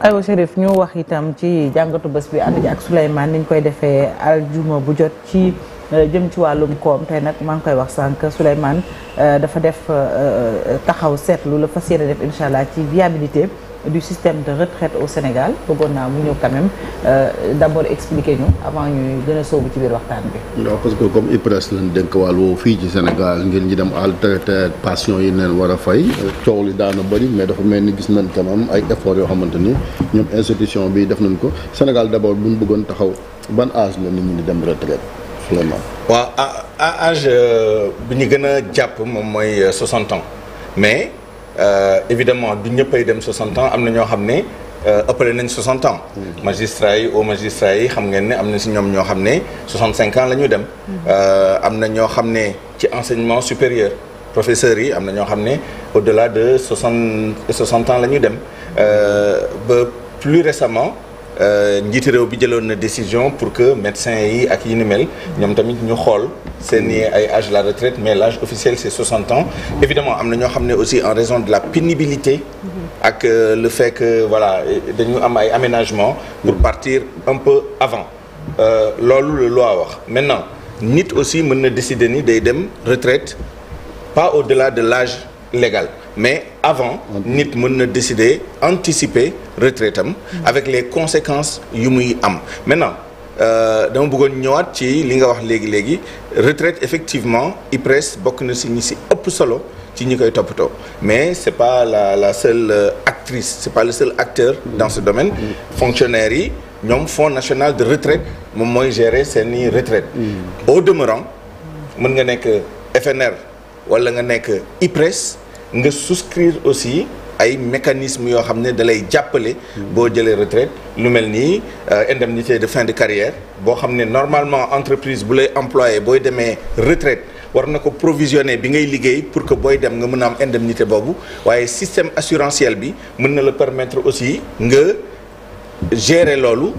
aywa Chérif ñu wax itam ci jàngatu bés bi ànd ci ak Souleymane niñ koy defee aljuma bu jot ci euh, jëm ci wàllum koom tey nag maa ngi koy wax sànq Souleymane euh, dafa def euh, taxaw seetlu la fas yéene def incha allah ci viabilité du système de retraite au Sénégal bëggoon naa mu ñëw quand même euh, d'abord ñu avant ñuy gën a soobu ci biir waxtaan bi. non que comme dénk wàll fii ci Sénégal ngir ñu dem à la yi neen war a fay coow li daana bëri mais dafa mel ni gis nañ quand moom ay efforts yoo xamante ni ñoom institution bi def nañ ko Sénégal d'abord bu ñu bëggoon taxaw ban âge la nit ñi di dem retraite vraiment. waaw âge euh, bi ñu gën a jàpp moom mooy 60 euh, ans mais. Euh, évidemment du ñëppay dem 60 ans am na ñoo xam ne euh, ëppale nañ 60 ans. Mm-hmm. magistrats yi au magistrats yi xam ngeen ne am na si ñoom ñoo xam ne 65 ans la ñu dem. Mm-hmm. Euh, am na ñoo xam ne ci enseignement supérieur professeurs yi am na ñoo xam ne au delà de 60 60 ans la ñu dem ba plus récemment. Euh, njiit réew bi jëloon na décision pour que médecins yi ak yi ni mel ñoom tamit ñu xool seen i ay âge la retraite mais l'âge officiel c'est 60 ans évidemment am na ñoo xam ne aussi en raison de la pénibilité ak euh, le fait que voilà dañu am ay aménagement pour partir un peu avant euh, loolu la loi wax maintenant nit aussi mën na décider ni day dem retraite pas au-delà de l'âge légal mais avant nit mën na décider anticiper retraite am avec les conséquences yu muy am maintenant euh, dama buggoon ñëwaat ci li nga wax léegi-léegi retraite effectivement IPRES bokk na si ñi si ëpp solo ci ñi koy toppatoo mais c'est pas la la seule euh, actrice c'est pas le seul acteur dans ce domaine fonctionnaires yi ñoom fonds national de retraite moom mooy gérer ni retraite mm. au demeurant mën nga nekk FNR wala nga nekk IPRES nga souscrire aussi ay mécanismes yoo xam ne da lay jàppale. boo jëlee retraite lu mel nii euh, indemnité de fin de carrière boo xam ne normalement entreprise bu lay employé booy demee retraite war na ko provisionner bi ngay liggéey pour que booy dem nga mën a am indemnité boobu waaye système assurantiel bi mën na la permettre aussi nga. gérer loolu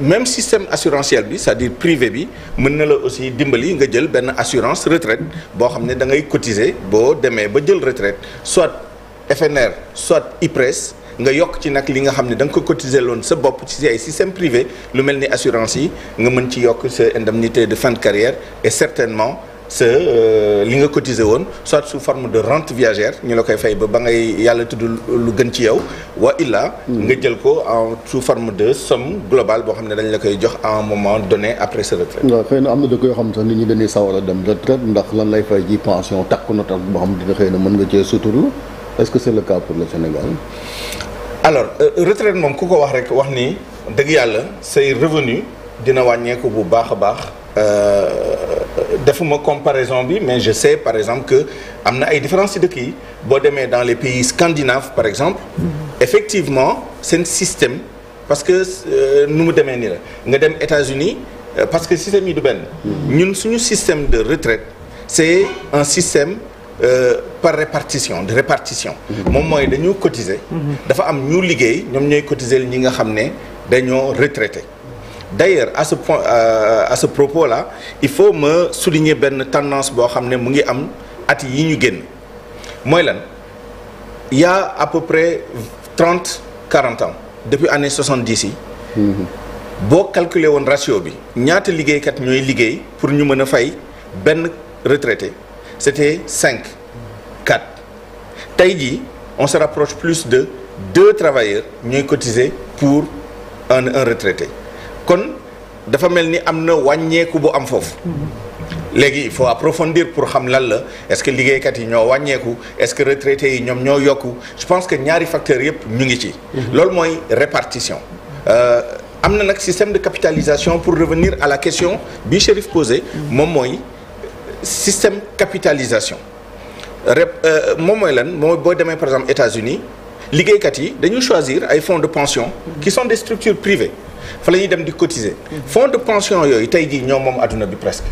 même système assurantiel bi c'est-à-dire privé bi mën na la aussi dimbali nga jël benn assurance retraite boo xam ne da ngay cotiser boo demee ba jël retraite soit FNR soit IPRES nga yokk ci nag li nga xam ne da nga ko cotiser loon sa bopp si ay système privé lu mel ni assurance yi nga mën ci yokk sa indemnité de fin de carrière et certainement sa euh, li nga cotiser woon soit sous forme de rent viagère ñu la koy fay ba ba ngay yàlla tudd lu gën ci yow waa illa hmm. nga jël ko en sous forme de somme globale boo xam ne dañ la koy jox à un moment donné après sa retraite waaw xëy na am na dëkk yoo xam sax nit ñi dañuy sawar a dem retraite ndax lan lay fay ji pension takku na takk boo xam ne xëy na mën nga cee suturlu est-ce que c'est le cas pour le Sénégal alors euh, retraite moom ku ko wax rek wax ni dëgg yàlla say revenu wàññeeku bu baax a baax Euh, defuma comparaison bi mais je sais par exemple que am na ay différences ci dëkk yi boo demee dans les pays scandinaves par exemple mm-hmm. effectivement seen système parce que euh, nu mu demee ni la nga dem États-Unis euh, parce que système yi du benn mm-hmm. ñun suñu système de retraite c'est un système Euh, par répartition de répartition mm-hmm. moom mooy dañu cotiser dafa am ñu liggéey ñoom ñooy cotiser ñi nga xam ne dañoo retraité d'ailleurs à ce point euh, à ce propos la il faut ma souligner benn tendance boo xam ne mu ngi am at yi ñu génn mooy lan il à peu près trente quarante ans depuis année soixante-dix yi. boo calculer woon ratio bi. ñaata liggéeykat ñooy liggéey pour ñu mën a fay benn retraité c'était cinq quatre tey jii on se rapproche plus de deux travailleurs ñooy cotiser pour un un retraité. kon dafa mel ni am na wàññeeku bu am foofu. léegi il faut approfondir pour xam lan la est-ce que liggéeykat yi ñoo wàññeeku est-ce que retraités yi ñoom ñoo yokku je pense que ñaari facteurs yëpp ñu ngi ci. Mhm. loolu mooy répartition. Euh, am na nag système de capitalisation pour revenir à la question bi Chérif posé mhm. moom mooy système capitalisation rep euh, moom mooy lan mooy boo demee par exemple États-Unis liggéeykat yi dañu choisir ay fonds de pension mhm. qui sont des structures fa la ñuy dem di cotiser. Mhm. fonds de pension yooyu tey jii ñoo moom adduna bi presque.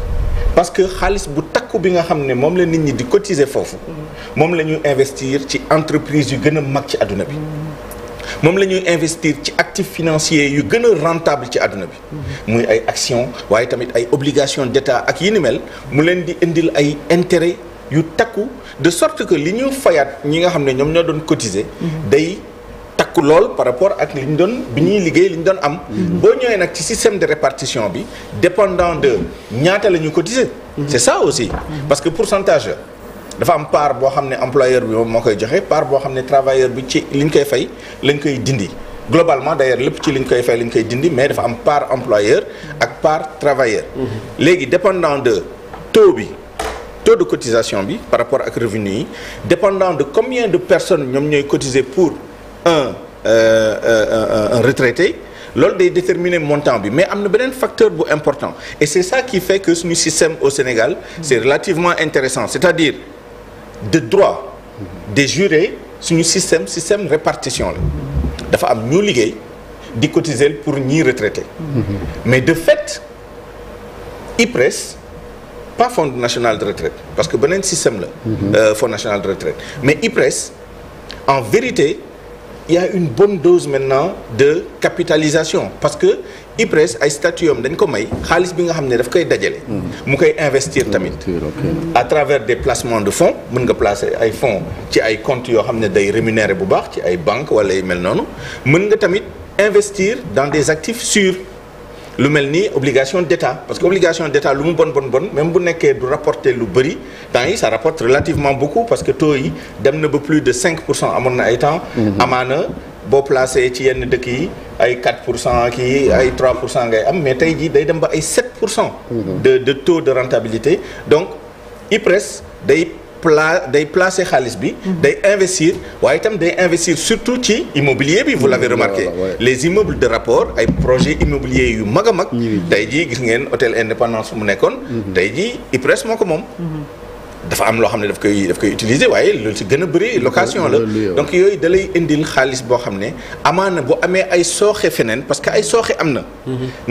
parce que xaalis bu takku bi nga xam ne moom la nit ñi di cotiser foofu. Mhm. moom la ñuy investir ci entreprise yu gën a mag ci adduna bi. Mhm. moom la ñuy investir ci actifs financiers yu gën a rentable ci àdduna bi muy ay actions waaye tamit ay obligations d'État ak yi ni mel mu leen di indil ay intérêts yu takku de sorte que li ñu fayaat ñi nga xam ne ñoom ñoo doon cotiser day takku lool par rapport ak li ñu doon bi ñuy liggéey li ñu doon am. boo ñëwee nag ci système de répartition bi dépendant de ñaata la ñu cotiser. c'est ça aussi. parce que pourcentage dafa am part boo xam ne employeur bi moom moo koy joxe part boo xam ne travailleur bi ci li ñu koy fay lañ koy dindi. globalement de lépp ci li ñu koy fay lañ koy dindi mais dafa am part employeur ak part travailleur. Mhm. léegi dépendant de taux bi taux de cotisation bi par rapport ak revenu yi dépendant de combien de personnes ñoom ñooy cotiser pour Euh, euh, euh, un retraité loolu day déterminer montant bi mais am na beneen facteur bu important et c'est ça qui fait que suñu système au Sénégal c'est relativement intéressant c'est-à-dire de droit des jurés suñu système système répartition la dafa am ñu liggéey di cotiser pour ñiy retraité mais de fait IPRES pas Fonds national de retraite parce que beneen système la. Fonds national de retraite mais IPRES en vérité il une bonne dose maintenant de capitalisation parce que IPRES ay statut am dañ ko may xaalis bi nga xam ne daf koy dajale. mu koy investir tamit. à travers des placements de fonds mun nga placer ay fonds ci ay comptes yoo xam ne day rémunérer bu baax ci ay banque wala ay mel noonu mën nga tamit investir dans des actifs sûrs. lu mel ni obligation d'État parce que obligation d'État lu mu bon bon bon même bu nekkee du rapporter lu bëri temps yi ça rapporte relativement beaucoup parce que taux yi dem na ba plus de 5 pour cent amoon na ay temps. Mhm. amaana boo placé ci yenn dëkk yi ay 4 pour cent kii ay 3 pour cent ngay am mais tey jii day dem ba ay 7 pour cent. Mhm. de de taux de rentabilité donc IPRES day. pla day placer xaalis bi. Mhm. day investir waaye tam day investir surtout ci immobilier bi. vous l'avez mhm. remarqué les immeubles de rapport ay projet immobilier yu mag a mag. tey jii gis ngeen hôtel Indépendance mu nekkoon. Mhm. tey jii IPRES moo ko moom. dafa am loo xam ne daf koy daf koy utiliser waaye loolu ci gën a bëri location la donc yooyu da lay indil xaalis boo xam ne amaana bu amee ay sooxe feneen parce que ay sooxe am na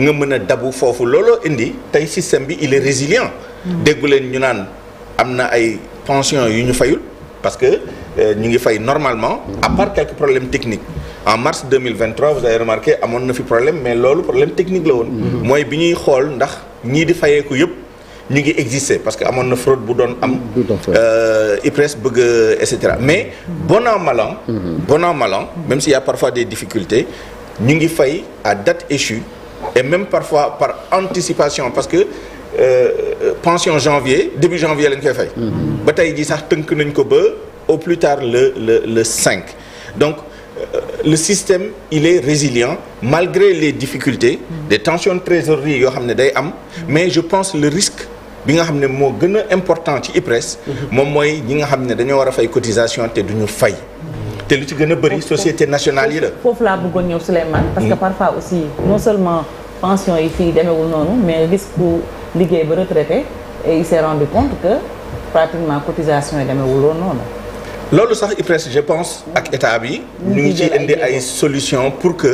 nga mën a dabu foofu looloo indi tey système bi il est résilient déggu leen pension yu ñu fayul parce que euh, ñu ngi fay normalement à part quelques problèmes techniques en mars 2023 vous avez remarqué amoon na fi problème mais loolu problème technique la woon mm-hmm. mooy bi ñuy xool ndax ñii di fayeeku yëpp ñu ngi exister parce que amoon na fraude bu doon am euh, IPRES bëgg et cetera mais mm-hmm. bon an mal an mm-hmm. bon même si y a parfois des difficultés ñu ngi fay à date échue et même parfois par anticipation parce que Euh, pension janvier début janvier lañ koy fay. ba tey jii sax tënk nañ ko ba au plus tard le le le 5 donc. Euh, le système il est résilient malgré les difficultés des tensions de yoo xam ne day am mais je pense le risque bi nga xam ne moo gën a important ci IPRES moom mooy ñi nga xam ne dañoo war a fay cotisation te duñu fay te lu ci gën a bëri société nationale yi la foofu laa bëggoon ñëw Souleymane mm. parfois aussi non seulement pension yi fii demeewul noonu liggéey ba retraité et il s'est rendu compte que cotisation yi demeewul woon noonu. loolu sax IPRES je pense mm. ak état bi. ñu ngi ciy indi ay solution pour que.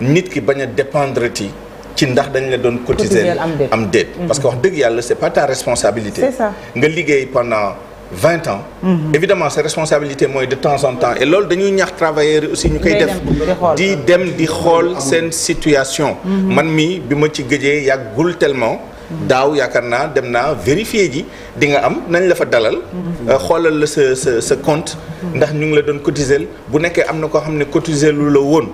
Mm. nit ki bañ a dépendre ci ndax dañ la doon cotiser am déet mm-hmm. parce que wax dëgg yàlla c'est pas ta responsabilité. c'est ça nga liggéey pendant. vingt ans. Mmh. évidemment sa responsabilité mooy de temps en temps et loolu dañuy ñaax travailleurs aussi ñu koy def di dem di xool seen situation. Mm-hmm. man mi bi ma ci gëjee yàggul tellement. daaw yaakaar naa dem naa vérifier ji di nga am nañ la fa dalal. Euh, xoolal la sa sa sa compte. ndax ñu ngi la doon cotiser bu nekkee am na koo xam ne cotiser lu la woon.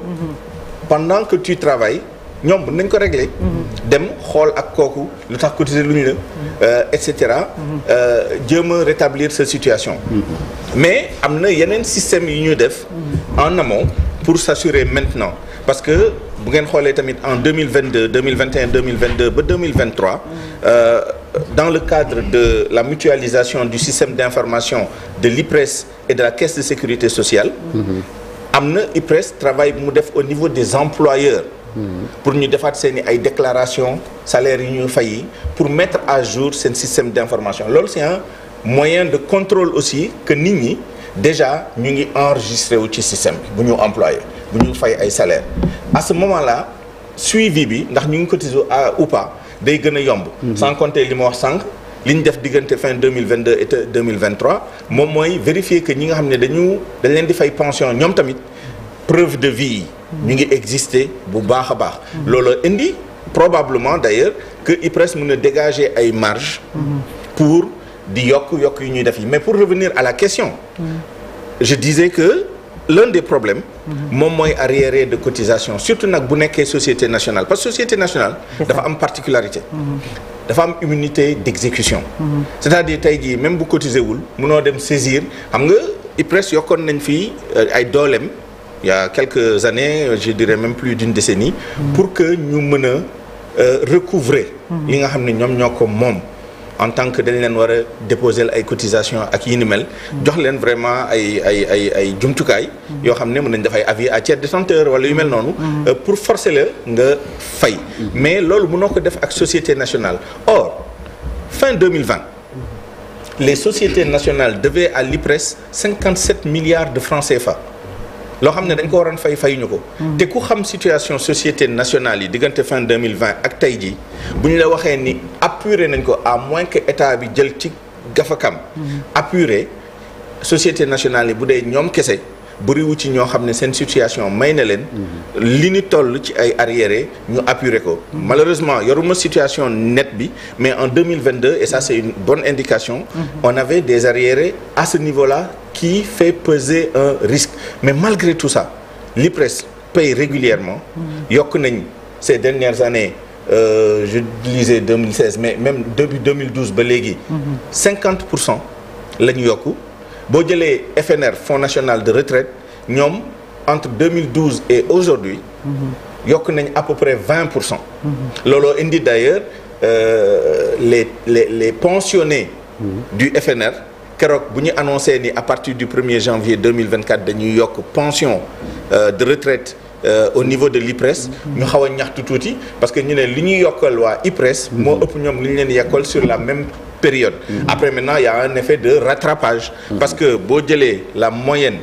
pendant que tu travailles ñoom nañ ko régler. dem xool ak kooku lu tax cotiser luñ la. Euh, et cetera. Euh, jéem a rétablir sa situation. mais am na yeneen système yu ñu def. en amont pour s'assurer maintenant parce que. bu ngeen xoolee tamit en 2022 2021 2022 ba 2023 euh, dans le cadre de la mutualisation du système d'information de l'IPRES et de la caisse de sécurité sociale mm-hmm. am na IPRES travail bu mu def au niveau des employeurs mm-hmm. pour ñu defaat seen i ay déclaration salaire yi ñu fay pour mettre à jour seen système d'information loolu c'est un moyen de contrôle aussi que nit ñi déjà ñu ngi enregistré wu ci système bi bu ñu employé bu ñu fay ay salaire à ce moment là suivi bi ndax ñu ngi cotiser ou pas day gën a yomb. Mhm. sans compter li ma wax sànq. li ñu def diggante fin 2022 et 2023 moom mooy vérifier que ñi nga xam ne dañu dañ leen di fay pension ñoom tamit preuve de vie yi. ñu ngi exister bu baax a baax. Mhm. loolu indi probablement d'ailleurs que IPRES mën a dégager ay marge mhm. pour di yokk yokk yu ñuy def yi mais pour revenir à la question. je disais que l'un des problèmes moom mooy arriéré de cotisation surtout nag bu nekkee société nationale parce que société nationale dafa am particularité mm-hmm. dafa am immunité d'exécution mm-hmm. c'est-à-dire tey jii même bu cotiser wul munoo dem saisir xam nga IPRES yokkoon nañ fii euh, ay dooleem il y a quelques années je dirais même plus d'une décennie mm-hmm. pour que ñu mën a euh, recouvrer li nga xam ne ñoom ñoo ko moom en tant que dañ leen war a ay cotisation ak yi ni mel. jox leen vraiment ay ay ay ay jumtukaay. yoo xam ne mën nañ dafay avis à tiers détenteur wala yu mel noonu. Euh, pour forcer la nga fay. mais loolu noo ko def ak société nationale or fin 2020. les sociétés nationales devaient à l'IPRES 57 milliards de francs fa loo xam ne dañ ko waroon fay fayuñu ko. Mm. te ku xam situation société nationale yi diggante fin 2020 ak tey jii bu ñu la waxee ni apuré nañ ko à moins que état bi jël ci gafakam. Mm. apuré société nationale yi bu dee ñoom kese. bëriwu ci ñoo xam ne seen situation may na leen. li ni toll ci ay arriérés ñu apuré ko. malheureusement yoruma situation net bi mais en 2022 et ça c'est une bonne indication. Mhm. on avait des arriérés à ce niveau-là qui fait peser un risque mais malgré tout ça l'IPRES paye régulièrement. Mhm. yokk nañ ces dernières années. Euh, je lisais 2016 mais même depuis 2012 ba léegi. 50 mhm. pour cent la ñu yokk. boo jëlee FNR Fonds national de retraite ñoom entre 2012 et aujourd'hui yokk nañ à peu près 20 pour cent looloo indi d'ailleurs euh, les les les pensionnés du FNR keroog bu ñu annoncé ni à du 1er janvier 2024 dañuy yokk pension euh, de retraite Euh, au niveau de l'IPRES ñu xaw a ñaxtu tuuti parce que ñu ne li ñuy yokkal waa IPRES moo ëpp ñoom li ñu leen yokkal sur la même période. après maintenant il y a un que boo jëlee la moyenne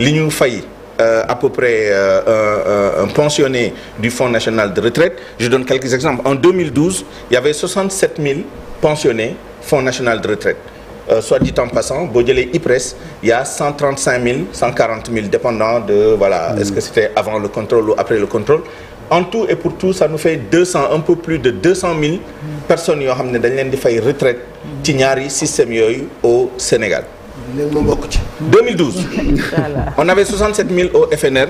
li ñu fay. Euh, à peu euh, euh, du Fonds national de retraite. Je donne quelques exemples. En 2012, il y avait 67 000 pensionnés national de retraite. Euh, soit dit en boo jëlee IPRES, il y a 135 000, 140 000, dépendant de, voilà, mmh. est avant le contrôle ou le contrôle. en tout et pour tout ça nous fait deux cent un peu plus de deux cent mille personnes xam ne dañ leen di fay retraite ci ñaari système yooyu au Sénégal. léegi bokk ci. 2012. on avait 67 000 au FNR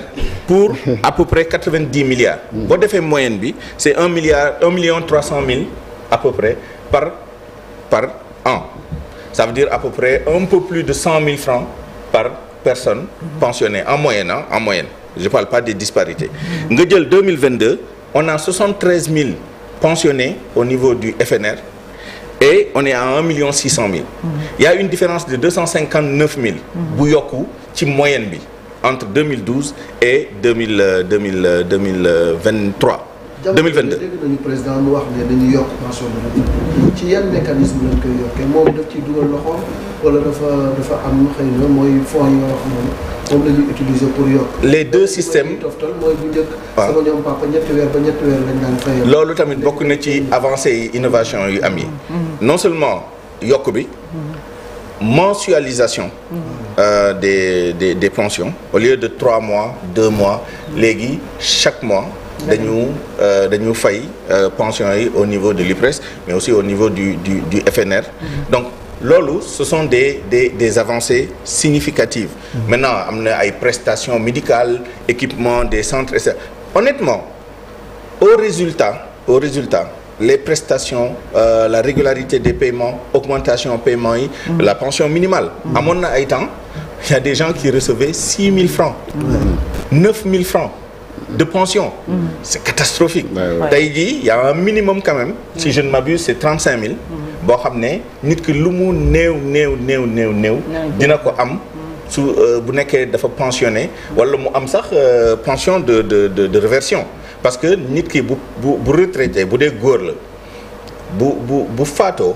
pour à peu près 90 milliards. boo defee moyenne bi c' est 1 milliard 1 million 300 mille à peu près par par an ça veut dire à peu près un de 100 000 francs par personne pensionnée en moyenne hein, en je parle pas des disparités nga jël 2022 on a 73 000 pensionnés au niveau du FNR et on est à 1 million 600 mille il y une différence de 259 bu yokku ci moyenne bi entre et 2000 2000 2023 2022 dégg nañu président lu de ci yan mécanisme lañ koy yokkee moom daf ciy dugal loxoom wala dafa dafa am xëy na mooy fonds yoo xam ne moom la ñuy pour les deux systèmes toftal waaw ba loolu tamit bokk na ci avancée yi innovation yu am yi. Mm-hmm. Mm-hmm. non seulement yokk bi. Mm-hmm. mensualisation. Euh, des des des pensions au lieu de trois mois deux mois léegi chaque mois. dañu euh, dañu fay euh, pensions yi au niveau de l'IPRES mais aussi au niveau du du du FNR. donc loolu ce sont des des des avancées significatives. Mmh. am na ay prestations médicales équipement des centres et honnêtement au résultat les prestations euh, la régularité des paiements augmentation paiement yi. Mmh. la pension minimale. Mhm. amoon na ay temps il y a des gens qui recevaient six mille francs. de pension. Mmh. c'est catastrophique. tey jii y a un minimum quand même. si je ne m'abuse c'est trente cinq mille. Mhm. boo xam ne nit ki lu mu néew néew néew néew néew dina ko am su euh, bu nekkee dafa pensionné wala mu am sax euh, pension de de de de réversion parce que nit ki bu bu bu retraité bu dee góor la bu bu bu faatoo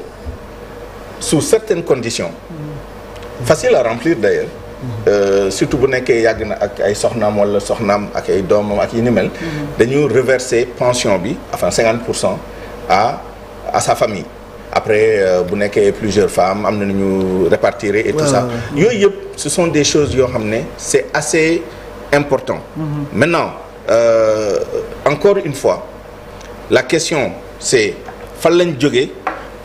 sous certaines condition mm. facile à remplir d'ailleurs mm. euh, surtout bu nekkee yàgg na ak ay soxnaam wala soxnaam ak ay doomam ak yi ni mel mm. dañu reverser pension bi enfin 50 pour cent à à sa famille après euh, bu nekkee plusieurs femmes am na nu ñu répartir et tout ça yooyu yëpp ce des choses yoo xam ne c'est assez important mm-hmm. maintenant euh, encore une fois la question c'est fan lañ jógee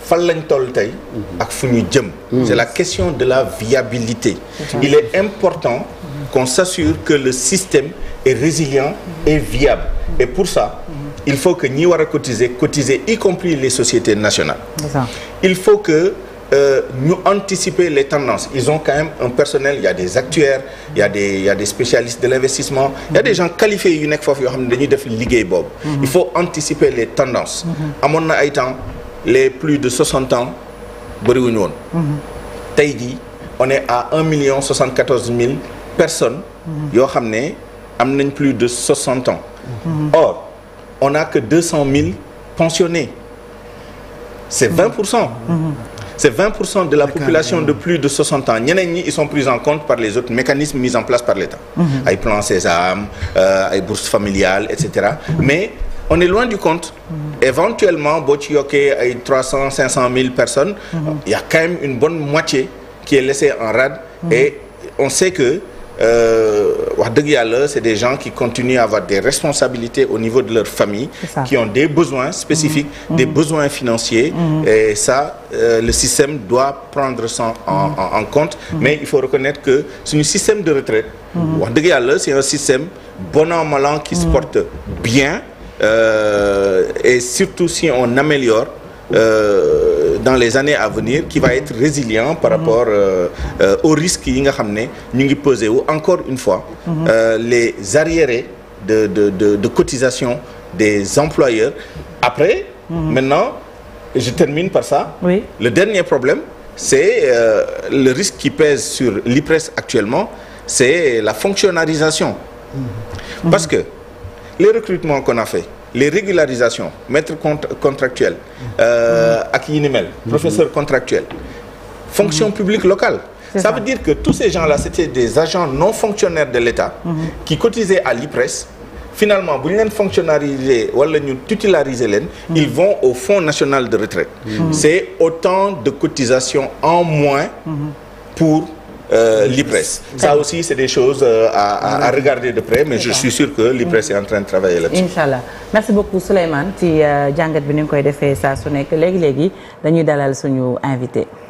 fan lañ toll tey mm-hmm. ak fu ñu jëm mm-hmm. c'est la question de la viabilité il est important qu'on s'assure que le système est résilient et viable et pour ça il faut que ñi war a cotiser cotiser y compris les sociétés nationales il faut que euh, ñu euh, anticiper les tendances ils ont quand un personnel il des actuaires il y a des il y a des spécialistes de l'investissement il des gens qualifiés yu nekk foofu yoo xam ne dañuy def liggéey boobu mm-hmm. il faut anticiper les tendances mm-hmm. amoon na ay temps les plus de 60 ans bëriwuñu woon mm-hmm. tey jii on est à un million soixante-quatorze mille personnes yoo xam ne am nañ plus de 60 ans on n'a que 200 000 pensionnés. C'est 20 pour cent. Mm-hmm. Mm-hmm. C'est 20 pour cent de la population de plus de 60 ans ñeneen ñi ils sont pris en compte par les autres mécanismes mis en place par l'État. Mm-hmm. ay plan Sésame euh, ay bourses familiales et mais on est loin du compte. éventuellement boo ci yokkee ay 300 500 000 personnes. il y a quand même une bonne moitié qui est laissée en rade. et on sait que. Euh, wax dëgg yàlla c'est des gens qui continuent à avoir des responsabilités au niveau de leur famille qui ont des besoins spécifiques mmh. mmh. des besoins financiers mmh. mmh. et ça euh, le système doit prendre ça en, mmh. en, en compte mais il faut reconnaître que suñu système de retraite wax dëgg yàlla c'est un système bon an mal an qui se porte bien euh, et surtout si on améliore euh, dans les années à venir qui va être résilient par mhm. rapport euh, euh, aux risques yi nga xam ne ñu ngi peser wu encore une fois mhm. euh, les arriérés de de de de cotisation des employeurs après mhm. maintenant je termine par ça oui. le dernier problème c'est euh, le risque qui pèse sur l'IPRES actuellement c'est la fonctionnalisation parce que les recrutements qu'on a fait les régularisations maître contractuel euh, ak yi ni mel professeur contractuel fonction publique locale ça, veut dire que tous ces gens là c'était des agents non fonctionnaires de l'État mm -hmm. qui cotisaient à l'IPRES finalement bu ñu leen fonctionnariser wala ñu titulariser mhm. ils vont au Fonds national de retraite mm -hmm. c'est autant de cotisation en moins mhm. euh, l'IPRES. Ça aussi, c'est des choses euh, à, à, à, regarder de près, mais je suis sûr que l'IPRES est en train de travailler là-dessus. incha allah merci beaucoup Souleymane ci euh, jàngat bi ni ñu koy defee saa su nekk léegi léegi dañuy dalal suñu invité.